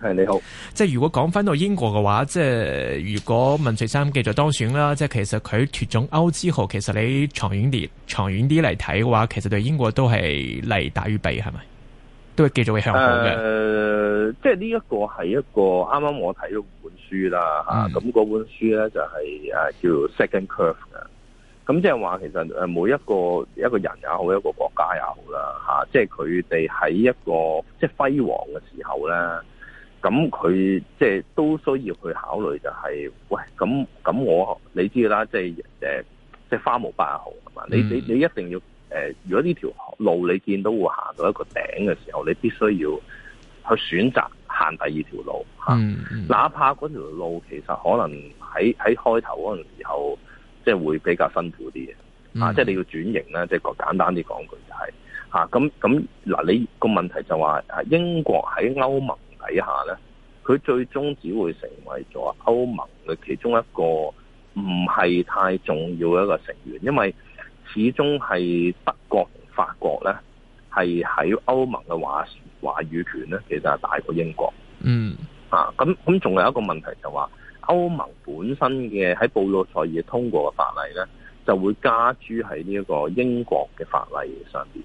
係你好，即係如果講翻到英國嘅話，即係如果文翠珊繼續當選啦，即係其實佢脫種歐之後，其實你長遠啲、長遠啲嚟睇嘅話，其實對英國都係利大於弊，係咪？都會繼續會向好嘅。誒、呃，即係呢一個係一個啱啱我睇咗本書啦，吓、嗯，咁嗰本書咧就係、是、誒叫 Second Curve 嘅。咁即係話其實誒每一個一個人也好，一個國家也好啦，吓，即係佢哋喺一個即係輝煌嘅時候咧。咁佢即係都需要去考慮、就係，就係喂，咁咁我你知啦，即係即係花無百廿毫啊嘛！嗯、你你你一定要、呃、如果呢條路你見到會行到一個頂嘅時候，你必須要去選擇行第二條路、啊嗯嗯、哪怕嗰條路其實可能喺喺開頭嗰陣時候，即係會比較辛苦啲嘅，啊，嗯、即係你要轉型呢，即係簡單啲講句就係咁咁嗱，你、個問題就話英國喺歐盟。睇下咧，佢最終只會成為咗歐盟嘅其中一個唔係太重要嘅一個成員，因為始終係德國同法國咧係喺歐盟嘅話，話語權咧，其實係大過英國。嗯，mm. 啊，咁咁仲有一個問題就話、是，歐盟本身嘅喺布魯塞爾通過嘅法例咧，就會加諸喺呢一個英國嘅法例上邊。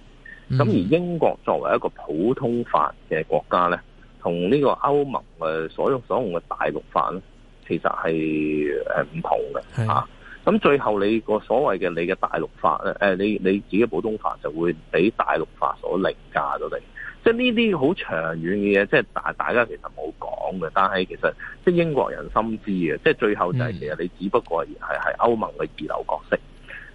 咁而英國作為一個普通法嘅國家咧。同呢個歐盟嘅所用所用嘅大陸法咧，其實係唔同嘅吓。咁，啊，最後你個所謂嘅你嘅大陸法咧，呃，你你自己普通法就會俾大陸法所凌駕咗你。即係呢啲好長遠嘅嘢，即係大大家其實冇講嘅，但係其實即係英國人心知嘅。即係最後就係其實你只不過係係歐盟嘅二流角色。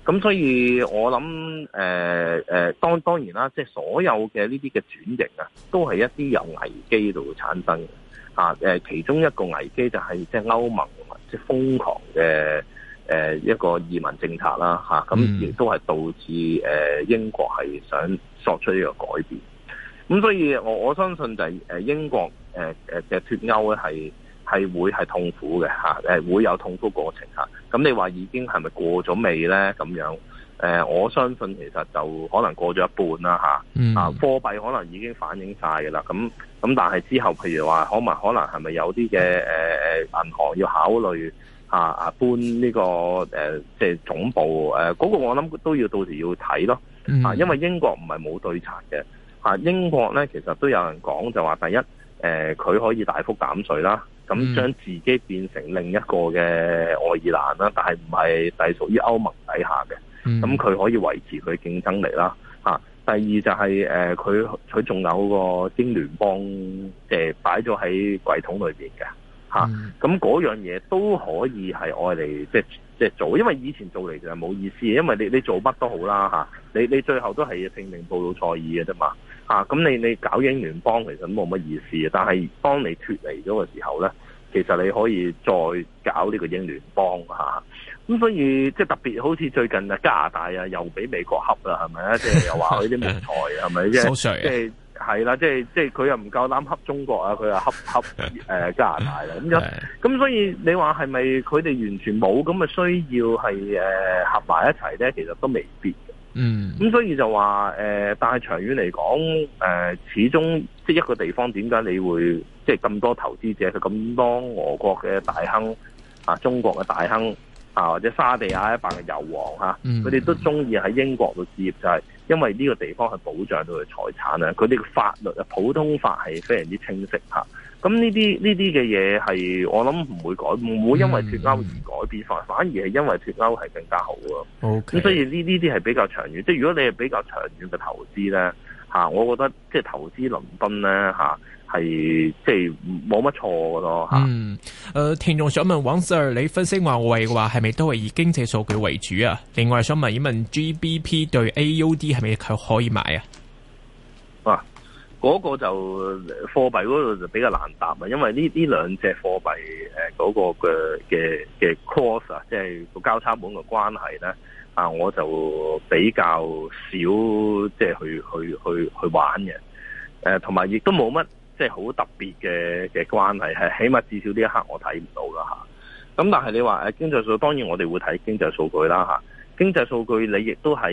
咁所以我，我、呃、諗，誒，誒，當當然啦，即、就、係、是、所有嘅呢啲嘅轉型啊，都係一啲由危機度產生嘅、啊，其中一個危機就係即係歐盟即係、就是、瘋狂嘅，誒、呃，一個移民政策啦，咁、啊、亦都係導致、呃、英國係想作出呢個改變。咁所以我，我我相信就係，英國，嘅脱歐咧係。係會係痛苦嘅嚇，誒會有痛苦過程嚇。咁你話已經係咪過咗未咧？咁樣誒、呃，我相信其實就可能過咗一半啦嚇。啊，貨幣可能已經反映晒嘅啦。咁咁但係之後譬如話，可能可能係咪有啲嘅誒誒銀行要考慮啊啊搬呢、這個誒即係總部誒？嗰、啊那個我諗都要到時要睇咯。啊，因為英國唔係冇對策嘅嚇、啊。英國咧其實都有人講就話第一誒，佢、呃、可以大幅減稅啦。咁將、嗯、自己變成另一個嘅愛爾蘭啦，但係唔係隸屬於歐盟底下嘅，咁佢、嗯、可以維持佢競爭力啦、啊。第二就係、是、誒，佢佢仲有個英聯邦，即係擺咗喺櫃桶裏面嘅嚇，咁、啊、嗰、嗯、樣嘢都可以係愛嚟，即係即係做，因為以前做嚟就係冇意思，因為你你做乜都好啦、啊、你你最後都係拼命報道賽爾嘅啫嘛。啊，咁你你搞英聯邦其實都冇乜意思，但係幫你脫離咗嘅時候咧，其實你可以再搞呢個英聯邦嚇。咁、啊、所以即係特別好似最近啊加拿大啊又俾美國恰啦，係咪啊？即係又話佢啲木材係咪即係係啦，即係即係佢又唔夠膽恰中國啊，佢又恰恰 加拿大啦。咁樣咁所以你話係咪佢哋完全冇咁嘅需要係、呃、合埋一齊咧？其實都未必。嗯，咁所以就話誒、呃，但係長遠嚟講，誒、呃，始終即係一個地方，點解你會即係咁多投資者，佢咁多俄國嘅大亨啊，中國嘅大亨啊，或者沙地啊，一班嘅油王吓，佢、啊、哋都中意喺英國度置業，就係、是、因為呢個地方係保障到佢財產咧，佢哋嘅法律啊，普通法係非常之清晰吓。咁呢啲呢啲嘅嘢係我諗唔會改，唔會因為脫歐而改變翻，嗯、反而係因為脫歐係更加好咯。咁 Okay, 所以呢呢啲係比較長遠。即係如果你係比較長遠嘅投資咧，嚇，我覺得即係投資倫敦咧，嚇係即係冇乜錯㗎咯。嗯，誒、嗯呃，聽眾想問王 Sir，你分析華為嘅話係咪都係以經濟數據為主啊？另外想問一問，G B P 對 A U D 係咪佢可以買啊？嗰個就貨幣嗰度就比較難答啊，因為呢呢兩隻貨幣誒嗰個嘅嘅嘅 course 啊，即係個交叉盤嘅關係咧，啊我就比較少即係、就是、去去去去玩嘅，誒同埋亦都冇乜即係好特別嘅嘅關係，係起碼至少呢一刻我睇唔到噶嚇。咁但係你話誒經濟數，當然我哋會睇經濟數據啦嚇。經濟數據你亦都係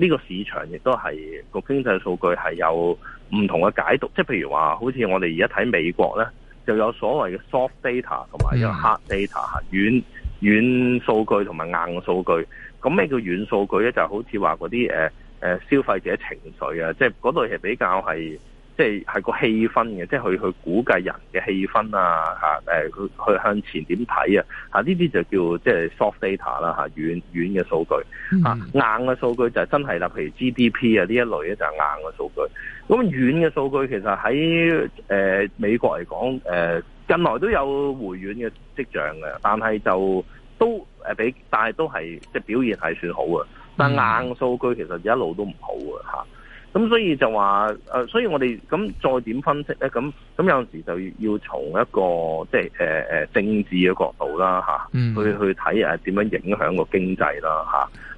呢個市場，亦都係個經濟數據係有唔同嘅解讀，即係譬如話，好似我哋而家睇美國咧，就有所謂嘅 soft data 同埋有 hard data，軟軟數據同埋硬數據。咁咩叫軟數據咧？就好似話嗰啲誒誒消費者情緒啊，即係嗰度係比較係。即係係個氣氛嘅，即係佢去估計人嘅氣氛啊嚇，誒佢去向前點睇啊嚇，呢、啊、啲就叫即係 soft data 啦、啊、嚇，軟軟嘅數據嚇，啊嗯、硬嘅數據就係真係啦，譬如 GDP 啊呢一類咧就係硬嘅數據。咁軟嘅數據其實喺誒、呃、美國嚟講，誒、呃、近來都有回軟嘅跡象嘅，但係就都誒比，但係都係即係表現係算好嘅，但、嗯、硬嘅數據其實一路都唔好嘅嚇。啊咁所以就話誒、呃，所以我哋咁再點分析咧？咁咁有時就要要從一個即係誒誒政治嘅角度啦，吓、啊嗯，去去睇誒點樣影響個經濟啦，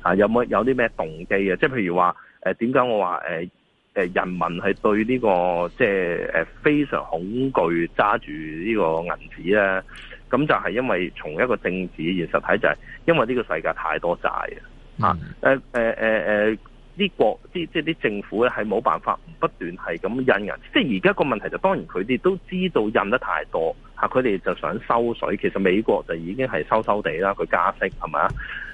吓啊有冇有啲咩動機啊？啊機即係譬如話誒，點、呃、解我話誒誒人民係對呢、這個即係誒、呃、非常恐懼揸住呢個銀紙咧？咁就係因為從一個政治現實睇就係，因為呢個世界太多債啊！吓、嗯，誒誒誒誒。呃呃呃啲國啲即係啲政府咧，係冇辦法不斷係咁印人，即係而家個問題就當然佢哋都知道印得太多嚇，佢哋就想收水。其實美國就已經係收收地啦，佢加息係咪？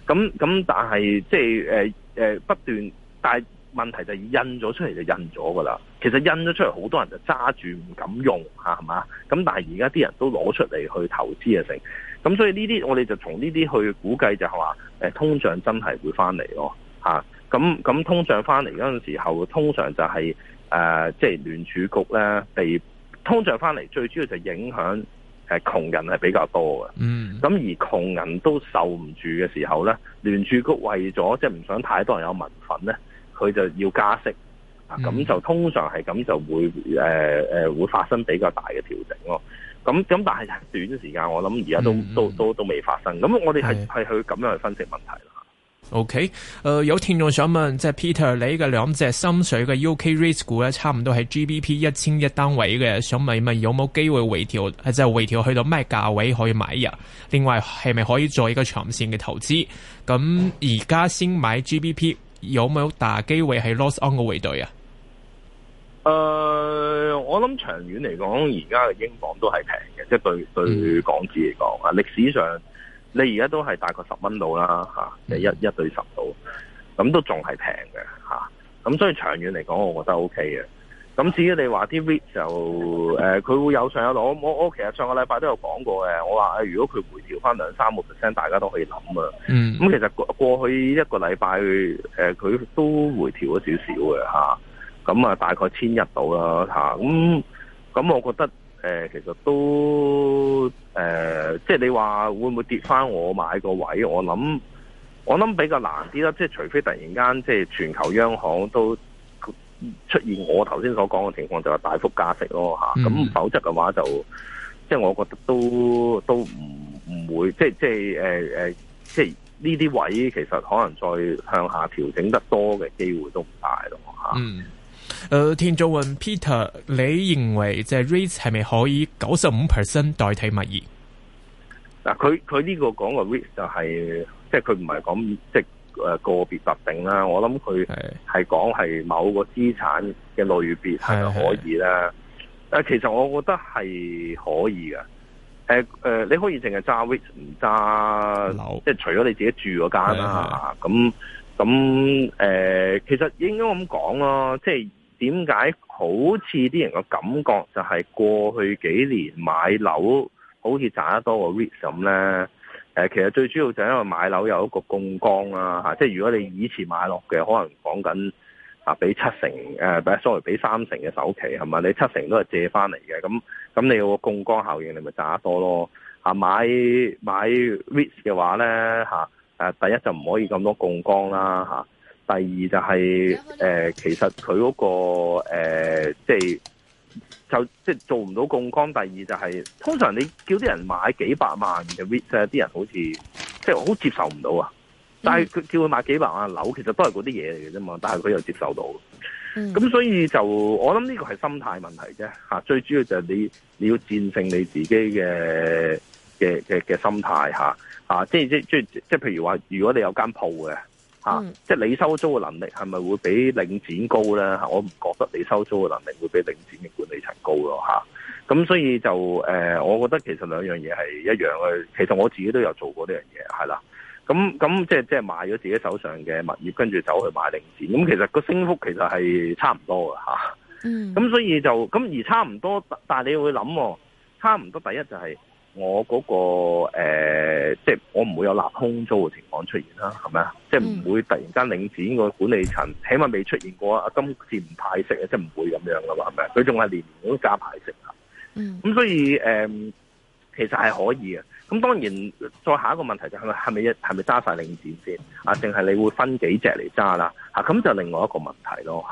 咁咁但係即係誒誒不斷，但係問題就印咗出嚟就印咗㗎啦。其實印咗出嚟好多人就揸住唔敢用嚇，係嘛？咁但係而家啲人都攞出嚟去投資啊成。咁所以呢啲我哋就從呢啲去估計就係話通脹真係會翻嚟咯嚇。咁咁通脹翻嚟嗰陣時候，通常就係、是、誒，即、呃、係、就是、聯儲局咧，被通脹翻嚟最主要就影響、呃、窮人係比較多嘅。嗯、mm。咁、hmm. 而窮人都受唔住嘅時候咧，聯儲局為咗即係唔想太多人有民憤咧，佢就要加息。Mm hmm. 啊，咁就通常係咁就會誒、呃、會發生比較大嘅調整咯。咁咁但係短時間我諗而家都、mm hmm. 都都都未發生。咁我哋係係去咁樣去分析問題啦。OK，誒、呃，有聽眾想問，即係 Peter，你嘅兩隻心水嘅 UK risk 股咧，差唔多係 GBP 一千一單位嘅，想問一問有冇機會回調，即係回調去到咩價位可以買呀、啊？另外，係咪可以做一個長線嘅投資？咁而家先買 GBP 有冇大機會係 loss on 嘅匯兌啊？誒、呃，我諗長遠嚟講，而家嘅英鎊都係平嘅，即係對對港紙嚟講啊，嗯、歷史上。你而家都係大概十蚊到啦，一一對十到，咁都仲係平嘅，咁所以長遠嚟講，我覺得 OK 嘅。咁至於你話啲匯就，誒、呃，佢會有上一度。我我其實上個禮拜都有講過嘅，我話，如果佢回調返兩三個 percent，大家都可以諗啊。嗯。咁其實過去一個禮拜，佢、呃、都回調咗少少嘅，咁啊，大概千一度啦，咁、啊，咁、嗯、我覺得。誒、呃，其實都誒、呃，即係你話會唔會跌返我買個位？我諗我諗比較難啲啦，即係除非突然間即係全球央行都出現我頭先所講嘅情況，就係大幅加息咯吓。咁、啊、否則嘅話就即係我覺得都都唔唔會，即係即係誒誒，即係呢啲位其實可能再向下調整得多嘅機會都唔大咯吓。啊誒，天舟問 Peter，你認為即係 REIT 係咪可以九十五 percent 代替物業？嗱，佢佢呢個講嘅 REIT 就係、是，即係佢唔係講即誒個別特定啦，我諗佢係講係某個資產嘅類別係可以啦。誒，其實我覺得係可以嘅。誒、呃、誒，你可以淨係揸 REIT 唔揸樓，樓即係除咗你自己住嗰間啦。咁咁誒，其實應該咁講咯，即係。點解好似啲人個感覺就係過去幾年買樓好似賺得多過 REIT 咁呢、呃？其實最主要就因為買樓有一個槓桿啦，即係如果你以前買落嘅，可能講緊啊，俾七成誒，sorry，俾三成嘅首期係咪？你七成都係借翻嚟嘅，咁咁你有個槓桿效應，你咪賺得多咯？嚇、啊，買 r REIT 嘅話呢、啊啊，第一就唔可以咁多槓桿啦，啊第二就係、是、誒，呃、 其實佢嗰、那個即係、呃、就即、是、係做唔到槓桿。第二就係、是、通常你叫啲人買幾百萬嘅即係啲人好似即係好接受唔到啊！嗯、但係佢叫佢買幾百萬樓，其實都係嗰啲嘢嚟嘅啫嘛。但係佢又接受到，咁、嗯、所以就我諗呢個係心態問題啫、啊、最主要就係你你要戰勝你自己嘅嘅嘅嘅心態下、啊啊，即係即即即譬如話，如果你有間鋪嘅。嗯、即係你收租嘅能力係咪會比領展高咧？我唔覺得你收租嘅能力會比領展嘅管理層高咯嚇。咁、啊、所以就誒、呃，我覺得其實兩樣嘢係一樣嘅。其實我自己都有做過呢樣嘢，係啦。咁咁即係即係買咗自己手上嘅物業，跟住走去買領展。咁其實個升幅其實係差唔多嘅嚇。咁、啊嗯、所以就咁而差唔多，但係你會諗、哦、差唔多。第一就係、是。我嗰、嗰個、呃、即係我唔會有立空租嘅情況出現啦，係咪啊？嗯、即係唔會突然間領展個管理層，起碼未出現過啊！今次唔派息啊，即係唔會咁樣嘅話，係咪？佢仲係年年都加派息啊！咁、嗯、所以、呃、其實係可以嘅。咁當然，再下一個問題就係咪係咪一係咪揸晒領展先、嗯、啊？定係你會分幾隻嚟揸啦？咁、啊、就另外一個問題咯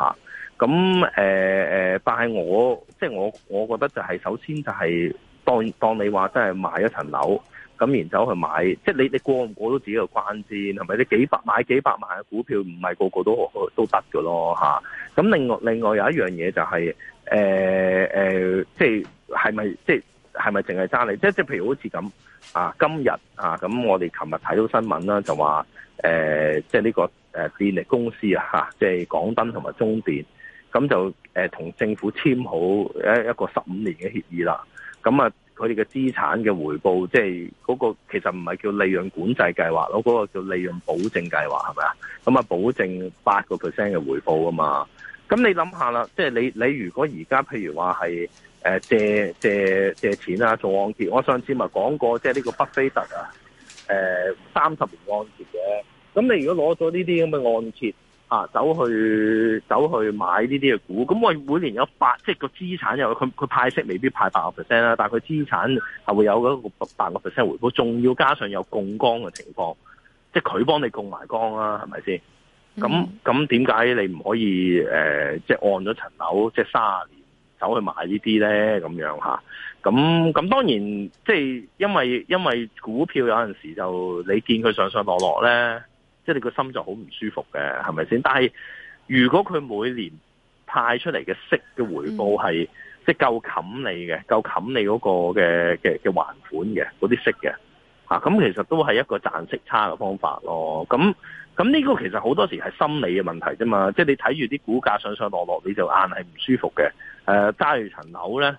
咁誒誒，但係我即係我，我覺得就係首先就係、是。當當你話真係買一層樓，咁然之後去買，即係你你過唔過到自己嘅關先？係咪？你幾百買幾百萬嘅股票，唔係個個都都得嘅咯嚇。咁、啊、另外另外有一樣嘢就係誒誒，即係係咪即係係咪淨係爭你？即係即係譬如好似咁啊，今日啊，咁我哋琴日睇到新聞啦，就話誒、啊，即係呢個誒電力公司啊，嚇，即係港燈同埋中電，咁就誒同、啊、政府簽好一一個十五年嘅協議啦。咁啊，佢哋嘅資產嘅回報，即係嗰個其實唔係叫利潤管制計劃咯，嗰、嗰個叫利潤保證計劃係咪啊？咁啊，保證八個 percent 嘅回報啊嘛。咁你諗下啦，即係你你如果而家譬如話係借借借錢啊做按揭，我上次咪講過，即係呢個北非特啊誒三十年按揭嘅。咁、呃、你如果攞咗呢啲咁嘅按揭？啊，走去走去買呢啲嘅股，咁我每年有八，即係個資產又佢佢派息未必派八個 percent 啦，但係佢資產係會有嗰個八個 percent 回報，仲要加上有槓桿嘅情況，即係佢幫你槓埋槓啦，係咪先？咁咁點解你唔可以、呃、即係按咗層樓，即係卅年走去買呢啲咧？咁樣下，咁咁當然即係因為因為股票有陣時就你見佢上上落落咧。即係你個心就好唔舒服嘅，係咪先？但係如果佢每年派出嚟嘅息嘅回報係即係夠冚你嘅，夠冚你嗰個嘅嘅嘅還款嘅嗰啲息嘅，嚇咁其實都係一個賺息差嘅方法咯。咁咁呢個其實好多時係心理嘅問題啫嘛。即係你睇住啲股價上上落落，你就硬係唔舒服嘅。誒揸住層樓咧，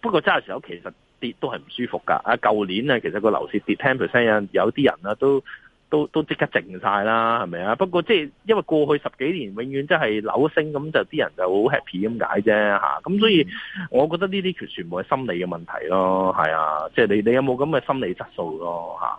不過揸住層樓其實跌都係唔舒服㗎。啊，舊年呢，其實個樓市跌 ten percent，有啲人啦都～都都即刻靜曬啦，係咪啊？不過即係因為過去十幾年永遠真係樓升，咁就啲人就好 happy 咁解啫嚇。咁，啊，所以我覺得呢啲全全部係心理嘅問題咯，係啊，即係你你有冇咁嘅心理質素咯嚇。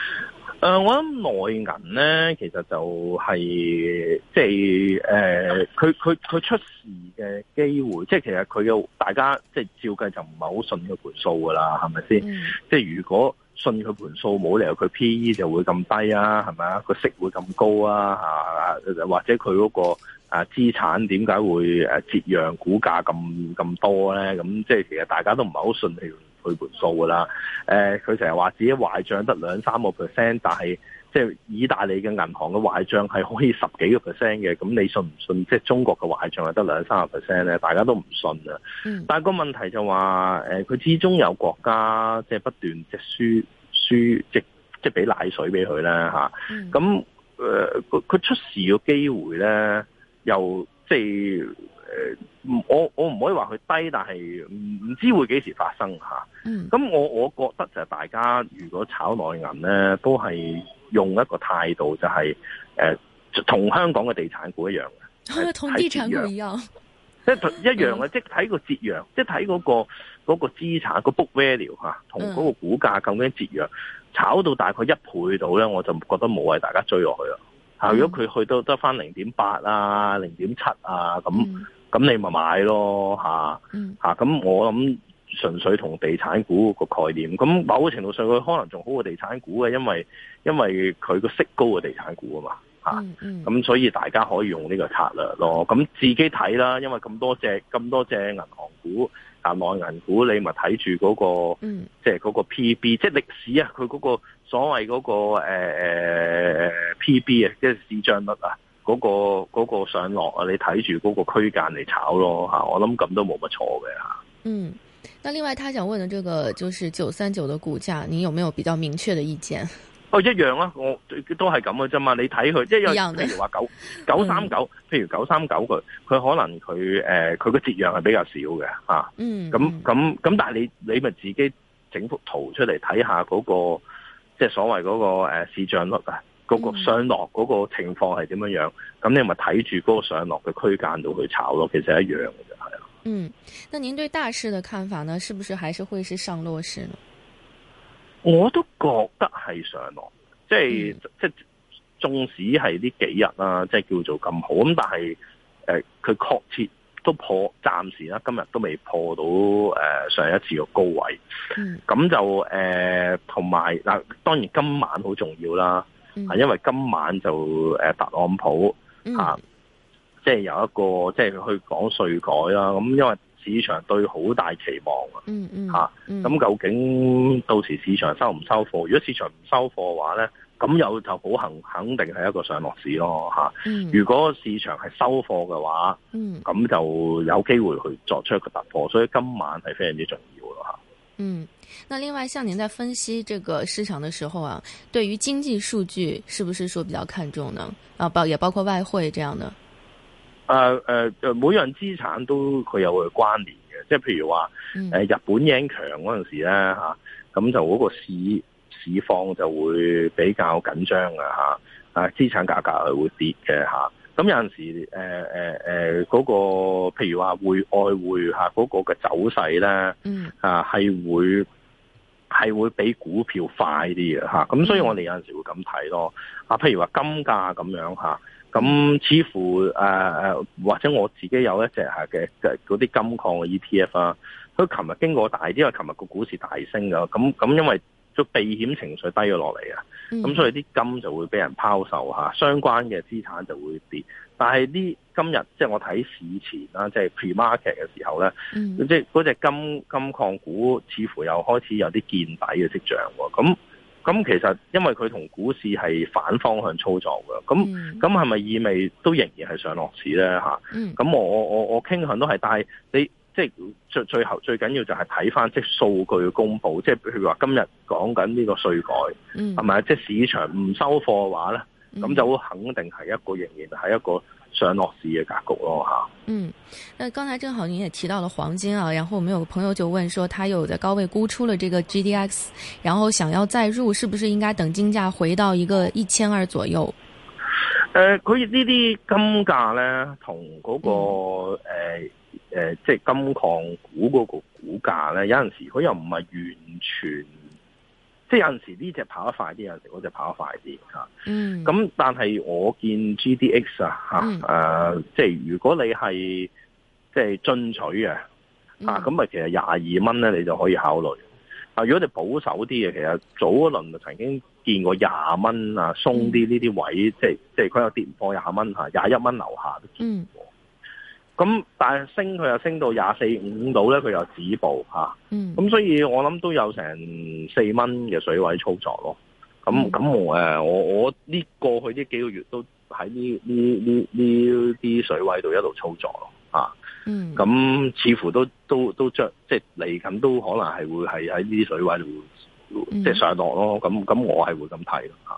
誒，我諗內銀咧，其實就係、是、即係誒，佢佢佢出事嘅機會，即係其實佢嘅大家即係照計就唔係好信佢盤數噶啦，係咪先？嗯、即係如果信佢盤數冇理由佢 PE 就會咁低啊，係咪啊？個息會咁高啊？或者佢嗰個資產點解會誒折讓股價咁咁多咧？咁即係其實大家都唔係好信佢。佢盤數噶啦，誒佢成日話自己壞帳得兩三個 percent，但係即係意大利嘅銀行嘅壞帳係可以十幾個 percent 嘅，咁你信唔信？即係中國嘅壞帳係得兩三十 percent 咧？大家都唔信啊！嗯、但係個問題就話誒，佢、呃、始終有國家即係不斷即係輸輸即即係俾奶水俾佢咧嚇，咁誒佢出事嘅機會咧又即係。就是誒，我我唔可以話佢低，但係唔唔知會幾時發生吓。咁、嗯、我我覺得就係大家如果炒內銀咧，都係用一個態度、就係，就係誒，同香港嘅地產股一樣嘅，同、啊、地產股一樣，即係、啊、一樣嘅，即係睇個折讓，即係睇嗰個嗰個資產個 book value 吓，同嗰個股價究竟折讓，炒到大概一倍度咧，我就覺得冇謂大家追落去咯。吓、嗯，如果佢去到得返零點八啊，零點七啊咁。咁你咪買咯，吓吓，咁我諗純粹同地產股個概念，咁某個程度上佢可能仲好過地產股嘅，因為因為佢個息高嘅地產股啊嘛，吓咁、嗯嗯啊、所以大家可以用呢個策略咯。咁、啊、自己睇啦，因為咁多隻咁多隻銀行股啊，內銀股你咪睇住嗰個，即係嗰個 P B、嗯、即係歷史啊，佢嗰個所謂嗰、那個誒誒、呃、P B 啊，即係市賬率啊。嗰、那個嗰、那個上落啊，你睇住嗰個區間嚟炒咯吓，我諗咁都冇乜錯嘅吓。嗯，那另外，他想問的這個就是九三九的股價，你有沒有比較明確的意見？哦，一樣啊，我都係咁嘅啫嘛，你睇佢一樣嘅，譬如話九九三九，譬如九三九佢，佢可能佢誒，佢個折讓係比較少嘅吓。啊、嗯，咁咁咁，但係你你咪自己整幅圖出嚟睇下嗰、那個，即係所謂嗰、那個誒、呃、市賬率啊。嗰、嗯、個上落嗰個情況係點樣樣？咁你咪睇住嗰個上落嘅區間度去炒咯，其實一樣嘅啫，係啦。嗯，那您對大市嘅看法呢？是不是還是會是上落市呢？我都覺得係上落，即係、嗯、即係，縱使係呢幾日啦、啊，即係叫做咁好咁，但係誒，佢確切都破，暫時啦，今日都未破到誒、呃、上一次嘅高位。嗯，咁就誒，同埋嗱，當然今晚好重要啦。係因為今晚就誒特朗普吓，即係、嗯啊就是、有一個即係、就是、去講稅改啦、啊，咁因為市場對好大期望啊，吓、啊，咁究竟到時市場收唔收貨？如果市場唔收貨嘅話咧，咁有就保行肯定係一個上落市咯，吓、啊。如果市場係收貨嘅話，咁就有機會去作出一個突破，所以今晚係非常之重要咯、啊，吓。嗯，那另外，像您在分析這個市場的時候啊，對於經濟數據是不是說比較看重呢？啊，包也包括外匯這樣的。誒誒誒，每樣資產都佢有佢關聯嘅，即係譬如話誒、呃、日本 yen 強嗰陣時咧吓，咁、啊、就嗰個市市況就會比較緊張嘅吓，啊資產價格係會跌嘅吓。啊咁有陣時，誒誒誒，嗰、呃呃嗰個譬如話匯、外匯嗰個嘅走勢咧，mm. 啊，係會係會比股票快啲嘅。咁所以我哋有陣時會咁睇咯。啊，譬如話金價咁樣嚇，咁、啊、似乎誒、啊、或者我自己有一隻嚇嘅嘅嗰啲金礦嘅 ETF 啦、啊。佢琴日經過大啲，因為琴日個股市大升㗎。咁咁因為。避險情緒低咗落嚟啊，咁、嗯、所以啲金就會俾人拋售嚇，相關嘅資產就會跌。但係呢今日即係我睇市前啦，即係 pre market 嘅時候咧，即係嗰隻金金礦股似乎又開始有啲見底嘅跡象喎。咁咁其實因為佢同股市係反方向操作嘅，咁咁係咪意味都仍然係上落市咧嚇？咁我我我傾向都係，但係你。即係最最後最緊要就係睇翻即係數據公布，即係譬如話今日講緊呢個稅改，係咪啊？即係市場唔收貨嘅話咧，咁、嗯、就會肯定係一個仍然係一個上落市嘅格局咯吓。嗯，那剛才正好你也提到了黃金啊，然後我們有個朋友就問說，他有在高位沽出了這個 GDX，然後想要再入，是不是應該等金價回到一個一千二左右？誒、呃，佢呢啲金價咧，同嗰、那個誒。嗯呃誒、呃，即係金礦股嗰個股價咧，有陣時佢又唔係完全，即係有陣時呢隻跑得快啲，有陣時嗰隻跑得快啲吓。嗯。咁、啊、但係我見 G D X 啊吓，誒、嗯啊，即係如果你係即係進取啊，啊，咁啊，其實廿二蚊咧，你就可以考慮。啊，如果你保守啲嘅，其實早一輪就曾經見過廿蚊啊，鬆啲呢啲位，嗯、即係即係佢有跌破廿蚊吓，廿一蚊樓下都見過。嗯咁但係升佢又升到廿四五度咧，佢又止步嚇。咁、嗯啊、所以我諗都有成四蚊嘅水位操作咯。咁咁我我我呢過去呢幾個月都喺呢呢呢呢啲水位度一度操作咯。咁、啊、似乎都都都將即係嚟緊都可能係會係喺呢啲水位度即係上落咯。咁咁我係會咁睇咯嚇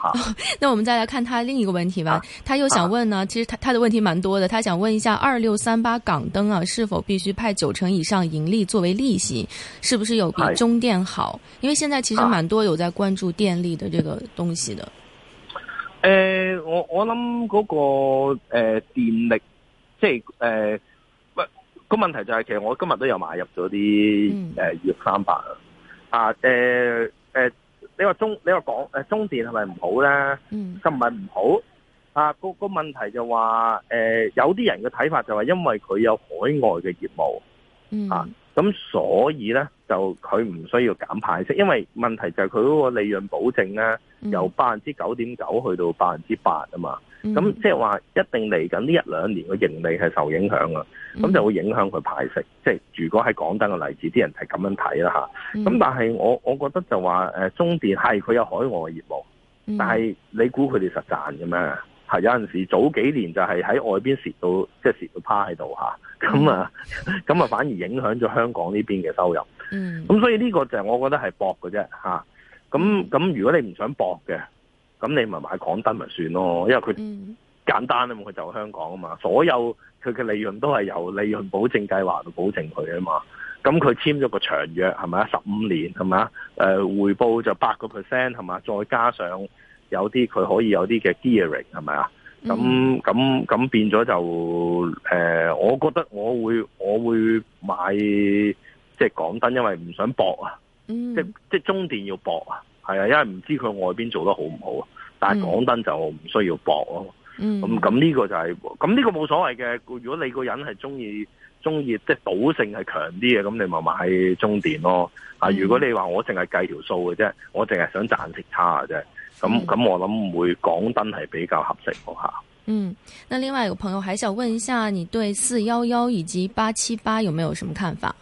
好， 那我們再來看他另一個問題吧。啊、他又想問呢，啊、其實他他的問題蠻多的。他想問一下二六三八港燈啊，是否必須派九成以上盈利作為利息？是不是有比中電好？是因為現在其實蠻多有在關注電力的這個東西的。啊我我想那個、呃我我諗嗰個呃電力，即係誒，個、呃、問題就係、是、其實我今日都有買入咗啲誒三百。啊，啊誒誒。呃你話中，你話講呃中電係咪唔好咧？就唔係唔好啊！個、個問題就話、呃、有啲人嘅睇法就話，因為佢有海外嘅業務啊，咁所以咧就佢唔需要減派息，因為問題就係佢嗰個利潤保證咧由百分之九點九去到百分之八啊嘛。咁、嗯、即係話一定嚟緊呢一兩年嘅盈利係受影響啊，咁就會影響佢派息。即係如果係港燈嘅例子，啲人係咁樣睇啦吓。咁、嗯、但係我我覺得就話誒，中電係佢有海外嘅業務，嗯、但係你估佢哋實賺嘅咩？係有陣時早幾年就係喺外邊蝕到，即係蝕到趴喺度吓。咁啊咁啊，嗯、反而影響咗香港呢邊嘅收入。嗯。咁所以呢個就係我覺得係搏嘅啫吓。咁、啊、咁如果你唔想搏嘅？咁你咪買港燈咪算咯，因為佢簡單啊嘛，佢就香港啊嘛，所有佢嘅利潤都係由利潤保證計劃去保證佢啊嘛。咁佢簽咗個長約係咪啊？十五年係咪啊？回報就八個 percent 係咪？再加上有啲佢可以有啲嘅 gearing 係咪啊？咁咁咁變咗就誒、呃，我覺得我會我會買即係、就是、港燈，因為唔想搏啊，嗯、即即中電要搏啊。係啊，因為唔知佢外邊做得好唔好啊。但係港燈就唔需要搏咯，啊。嗯。咁咁呢個就係、是，咁呢個冇所謂嘅。如果你個人係中意中意，即係賭性係強啲嘅，咁你咪買中電咯。啊，如果你話我淨係計條數嘅啫，我淨係想賺息差嘅啫。咁咁我諗會港燈係比較合適個吓。嗯，那另外有朋友還想問一下，你對四幺幺以及八七八有沒有什麼看法？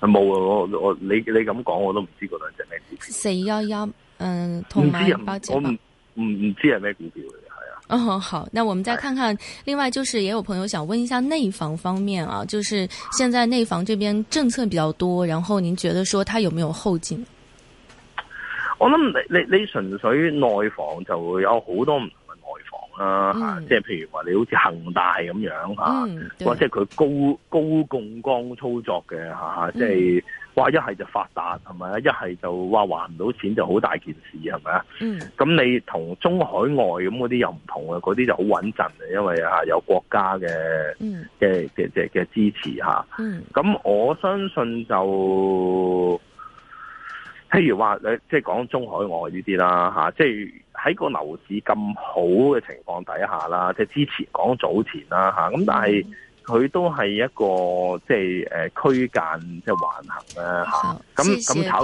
係冇啊！我我你你咁講我都唔知嗰兩隻咩？四一一誒，同埋包直。唔知啊，我唔唔知係咩股票嚟嘅，係啊。哦，oh, 好，那我們再看看，的另外就是也有朋友想問一下內房方面啊，就是現在內房這邊政策比較多，然後您覺得說它有沒有後勁？我諗你你你純粹內房就會有好多唔同嘅內房。啊，即係、嗯、譬如話你好似恒大咁樣吓，哇！或者係佢高高槓桿操作嘅吓，即係哇！一係就發達係咪啊？一係就哇還唔到錢就好大件事係咪啊？咁、嗯、你同中海外咁嗰啲又唔同嘅，嗰啲就好穩陣，因為吓、啊、有國家嘅嘅嘅嘅嘅支持吓。咁、啊嗯、我相信就譬如話你即係講中海外呢啲啦吓，即、啊、係。就是喺個樓市咁好嘅情況底下啦，即係之前講早前啦嚇，咁但係佢都係一個即係誒區間即係橫行啦，咁咁炒。